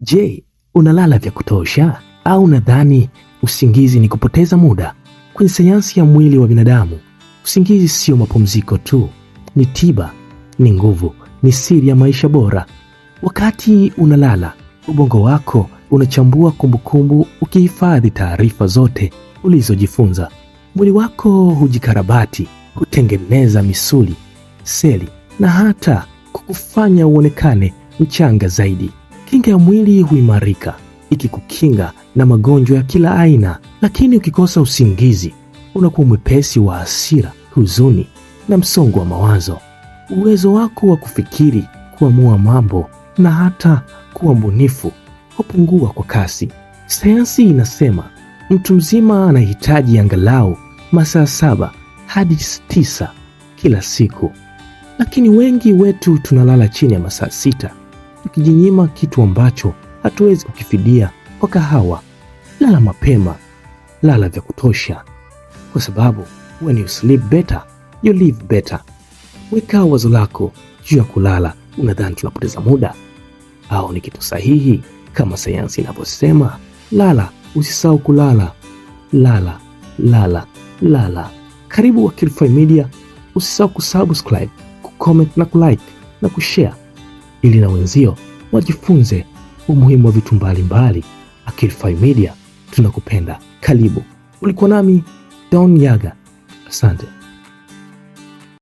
Je, unalala vya kutosha au unadhani usingizi ni kupoteza muda? Kwenye sayansi ya mwili wa binadamu, usingizi sio mapumziko tu, ni tiba, ni nguvu, ni siri ya maisha bora. Wakati unalala, ubongo wako unachambua kumbukumbu, ukihifadhi taarifa zote ulizojifunza. Mwili wako hujikarabati, hutengeneza misuli, seli na hata kukufanya uonekane mchanga zaidi kinga ya mwili huimarika ikikukinga na magonjwa ya kila aina. Lakini ukikosa usingizi, unakuwa mwepesi wa hasira, huzuni na msongo wa mawazo. Uwezo wako wa kufikiri, kuamua mambo na hata kuwa mbunifu hupungua kwa kasi. Sayansi inasema mtu mzima anahitaji angalau masaa saba hadi tisa kila siku, lakini wengi wetu tunalala chini ya masaa sita kujinyima kitu ambacho hatuwezi kukifidia kwa kahawa. Lala mapema, lala vya kutosha, kwa sababu when you sleep better you live better. Weka wazo lako juu ya kulala. Unadhani tunapoteza muda au ni kitu sahihi? Kama sayansi inavyosema, lala, usisahau kulala, lala, lala, lala. Karibu Akilify Media. Usisahau kusubscribe, kucomment na kulike na kushare ili na wenzio wajifunze umuhimu wa vitu mbalimbali. Akilify Media tunakupenda, karibu. Ulikuwa nami Don Yaga, asante.